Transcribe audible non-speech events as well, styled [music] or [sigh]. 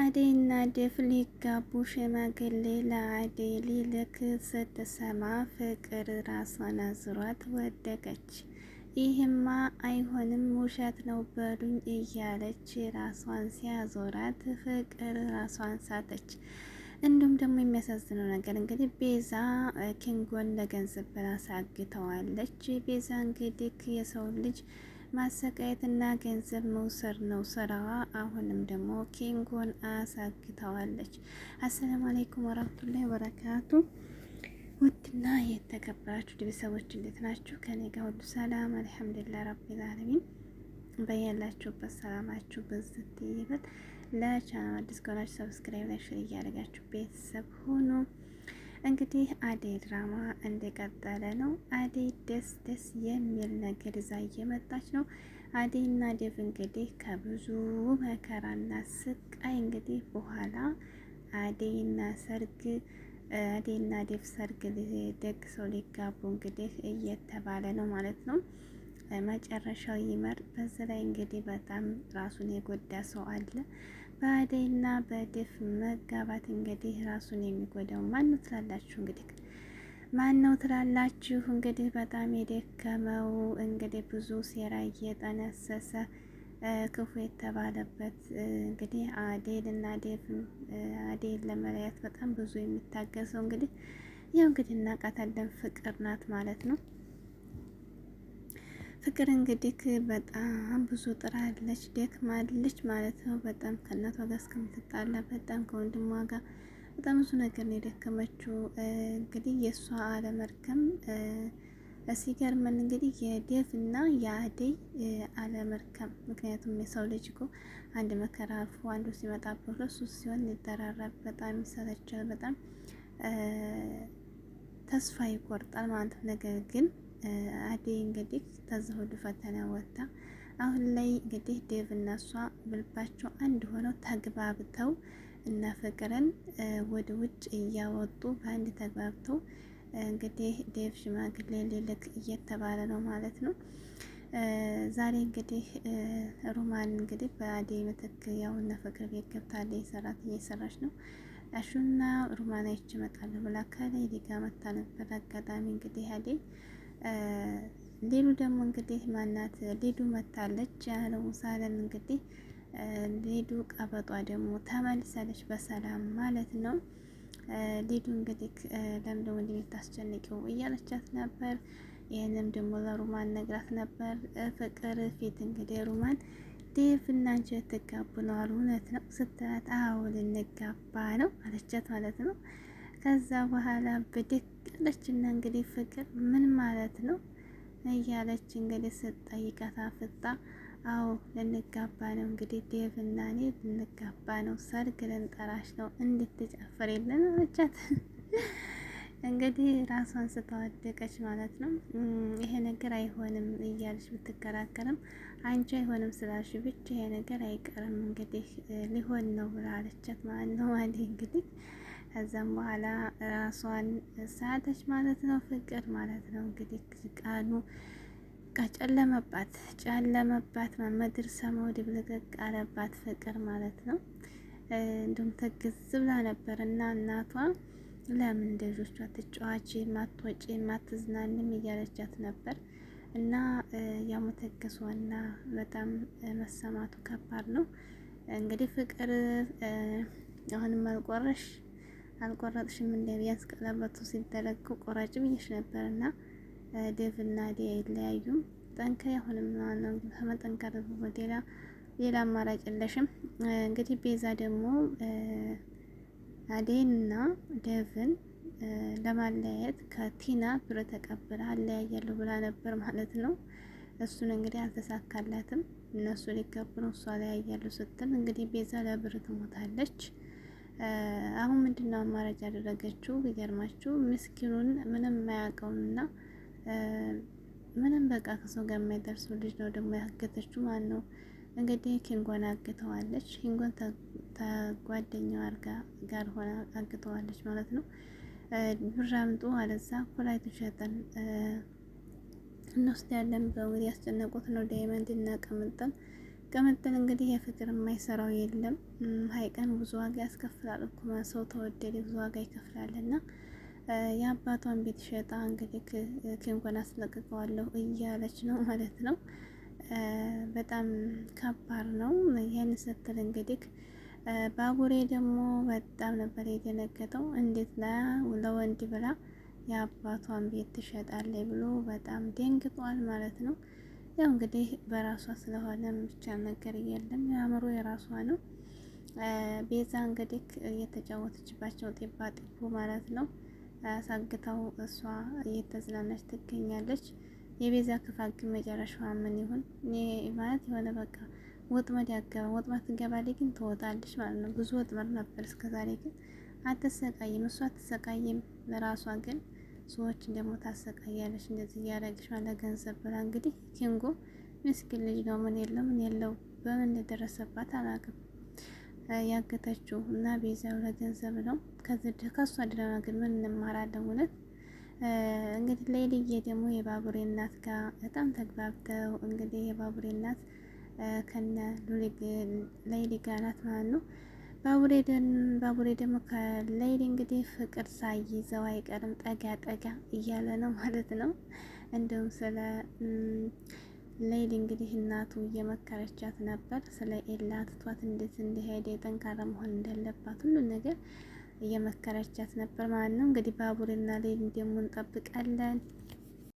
አዴና ዴፍ ሊጋቡ ሽማግሌ ለአደይ ሊልክ ስትሰማ ፍቅር ራሷን አዙሯት ወደቀች። ይህማ አይሆንም ውሸት ነው በሉኝ እያለች ራሷን ሲያዞራት ፍቅር ራሷን ሳተች። እንዲሁም ደግሞ የሚያሳዝነው ነገር እንግዲህ ቤዛ ኪንጎን ለገንዘብ በራስ አግተዋለች። ቤዛ እንግዲህ የሰውን ልጅ ማሰቃየትና ገንዘብ መውሰድ ነው ስራዋ። አሁንም ደግሞ ኪንጎን አሳግተዋለች። አሰላሙ አለይኩም ወራህመቱላሂ ወበረካቱ። ውድና የተከበራችሁ ቤተሰቦች እንዴት ናችሁ? ከኔ ጋር ሁሉ ሰላም አልሐምዱሊላህ ረቢል አለሚን። በያላችሁበት ሰላማችሁ በዝት ይበል። ለቻናል አዲስ ከሆናችሁ ሰብስክራይብ፣ ላይክ፣ ሼር እያደረጋችሁ ቤተሰብ ሁኑ። እንግዲህ አደይ ድራማ እንደቀጠለ ነው። አደይ ደስ ደስ የሚል ነገር ይዛ እየመጣች ነው። አደይ እና ዴቭ እንግዲህ ከብዙ መከራና ስቃይ እንግዲህ በኋላ አደይና ሰርግ አደይና ዴቭ ሰርግ ደግሰው ሊጋቡ እንግዲህ እየተባለ ነው ማለት ነው። መጨረሻው ይመር። በዚህ ላይ እንግዲህ በጣም ራሱን የጎዳ ሰው አለ። በአደይና በድፍ መጋባት እንግዲህ ራሱን የሚጎዳው ማን ነው ትላላችሁ? እንግዲህ ማን ነው ትላላችሁ? እንግዲህ በጣም የደከመው እንግዲህ ብዙ ሴራ እየጠነሰሰ ክፉ የተባለበት እንግዲህ አዴልና ዴፍን አዴን ለመለያት በጣም ብዙ የሚታገሰው እንግዲህ ያው እንግዲህ እናቃታለን ፍቅር ናት ማለት ነው። ፍቅር እንግዲህ በጣም ብዙ ጥራለች፣ ደክማለች ማለት ነው። በጣም ከእናቷ ጋር እስከምትጣላ በጣም ከወንድሟ ጋር በጣም ብዙ ነገር ነው የደከመችው። እንግዲህ የእሷ አለመርከም ሲገርመን እንግዲህ የዴቭ እና የአደይ አለመርከም። ምክንያቱም የሰው ልጅ እኮ አንድ መከራ አልፎ አንዱ ሲመጣበት እሱ ሲሆን ይደራረብ፣ በጣም ይሰለቻል፣ በጣም ተስፋ ይቆርጣል ማለት ነገር ግን አደይ እንግዲህ ከዛ ሁሉ ፈተና ወጥታ አሁን ላይ እንግዲህ ዴቭ እና እሷ ብልባቸው አንድ ሆነው ተግባብተው እና ፍቅርን ወደ ውጭ እያወጡ በአንድ ተግባብተው እንግዲህ ዴቭ ሽማግሌ ሊልክ እየተባለ ነው ማለት ነው። ዛሬ እንግዲህ ሩማን እንግዲህ በአዴ ምትክ ያው እነ ፍቅር ቤት ገብታለች። የሰራት እየሰራች ነው። አሹና ሩማን አይቼ እመጣለሁ ብላ ከላይ ሊጋ መታ ነበር። አጋጣሚ እንግዲህ አዴ ሌሉ ደግሞ እንግዲህ ማናት ሌዱ መታለች ያለው ሳለን እንግዲህ ሌዱ ቀበጧ ደግሞ ተመልሳለች በሰላም ማለት ነው። ሌዱ እንግዲህ ለምንድነው እንደምታስጨንቂው እያለቻት ነበር። ይህንም ደግሞ ለሩማን ነግራት ነበር። ፍቅር ፊት እንግዲህ ሩማን ዴቭ እና አንቺ ልትጋቡ ነው እውነት ነው ስትላት፣ አዎ ልንጋባ ነው አለቻት ማለት ነው። ከዛ በኋላ ብድግ አለችና እንግዲህ ፍቅር ምን ማለት ነው እያለች እንግዲህ ስጠይቃት አፍጣ አዎ ልንጋባ ነው እንግዲህ ዴቭ እና እኔ ልንጋባ ነው፣ ሰርግ ልንጠራሽ ነው የለን አለቻት። [laughs] እንግዲህ ራሷን ስተዋደቀች ማለት ነው። ይሄ ነገር አይሆንም እያለች ብትከራከርም አንቺ አይሆንም ስላልሽ ብቻ ይሄ ነገር አይቀርም እንግዲህ ሊሆን ነው ብላ አለቻት ማለት ነው። እንግዲህ ከዛም በኋላ ራሷን ሳተች ማለት ነው። ፍቅር ማለት ነው እንግዲህ ቃሉ ጨለመባት፣ ጨለመባት ምድር ሰማው ድብልቅልቅ አለባት ፍቅር ማለት ነው። እንዲሁም ትግዝ ብላ ነበር እና እናቷ ለምን እንደልጆቿ ትጫዋች ማትወጪ ማትዝናንም እያለቻት ነበር እና ያሞተገሷና በጣም መሰማቱ ከባድ ነው እንግዲህ ፍቅር አሁንም አልቆረሽ አልቆረጥሽም እንደ ቢያንስ ቀለበቱ ሲደረግ ቆራጭ ብዬሽ ነበር እና ዴቭና ዲያ አይለያዩም። ጠንከር አሁንም ከመጠንከር ሌላ ሌላ አማራጭ የለሽም። እንግዲህ ቤዛ ደግሞ አዴንና ዴቭን ለማለያየት ከቲና ብር ተቀብላ አለያያለሁ ብላ ነበር ማለት ነው። እሱን እንግዲህ አልተሳካላትም። እነሱ ሊጋቡ ነው፣ እሷ አለያያለሁ ስትል እንግዲህ ቤዛ ለብር ትሞታለች። አሁን ምንድን ነው አማራጭ ያደረገችው ቢገርማችሁ፣ ምስኪኑን ምንም የማያውቀውንና ምንም በቃ ከሰው ጋር የማይደርሰው ልጅ ነው ደግሞ ያገተችው። ማን ነው እንግዲህ ኪንጎን አግተዋለች። ኪንጎን ተጓደኛው አርጋ ጋር ሆና አግተዋለች ማለት ነው። ብር አምጡ አለዛ ኮላይቱ ሸጠን እንወስዳለን በእንግዲህ ያስጨነቁት ነው ዳይመንድ እና ከመጠን እንግዲህ የፍቅር የማይሰራው የለም። ሀይቀን ብዙ ዋጋ ያስከፍላል እኮ ሰው ተወደደ ብዙ ዋጋ ይከፍላል። እና የአባቷን ቤት ሸጣ እንግዲህ ኪንጎን አስለቅቀዋለሁ እያለች ነው ማለት ነው። በጣም ከባድ ነው። ይህን ስትል እንግዲህ ባቡሬ ደግሞ በጣም ነበር የደነገጠው። እንዴት ለወንድ ብላ የአባቷን ቤት ትሸጣለች ብሎ በጣም ደንግጧል ማለት ነው። ያው እንግዲህ በራሷ ስለሆነ የሚቻል ነገር የለም። የአእምሮ የራሷ ነው። ቤዛ እንግዲህ እየተጫወተችባቸው ጤባ ጤቦ ማለት ነው። ሳግታው እሷ እየተዝናናች ትገኛለች። የቤዛ ክፋት ግን መጨረሻዋ ምን ይሁን ማለት የሆነ በቃ ወጥመድ ያገባ ወጥመድ ትገባለች፣ ግን ትወጣለች ማለት ነው። ብዙ ወጥመድ ነበር እስከዛሬ፣ ግን አትሰቃይም። እሷ አትሰቃይም። ራሷ ግን ሰዎችን ደግሞ ታሰቃያለች እንደዚህ እያደረግሽ ገንዘብ ብላ እንግዲህ ኪንጎ ምስኪን ልጅ ነው። ምን የለው ምን የለው በምን እንደደረሰባት አላውቅም። ያገተችው እና ቤዛው ለገንዘብ ነው። ከዚህ ከሷ ድራማ ግን ምን እንማራለን? እውነት እንግዲህ ሌሊዬ ደግሞ የባቡሬ እናት ጋር በጣም ተግባብተው እንግዲህ የባቡሬ እናት ከነ ሉሊ ሌሊ ጋር ናት ማለት ነው። ባቡሬ ባቡሬ ደግሞ ከሌይድ እንግዲህ ፍቅር ሳይዘው አይቀርም ጠጋ ጠጋ እያለ ነው ማለት ነው። እንደውም ስለ ሌይድ እንግዲህ እናቱ እየመከረቻት ነበር። ስለ ኤላ ትቷት እንዴት እንዲሄድ ጠንካራ መሆን እንዳለባት ሁሉን ነገር እየመከረቻት ነበር ማለት ነው። እንግዲህ ባቡሬና ሌሊ ደግሞ እንጠብቃለን።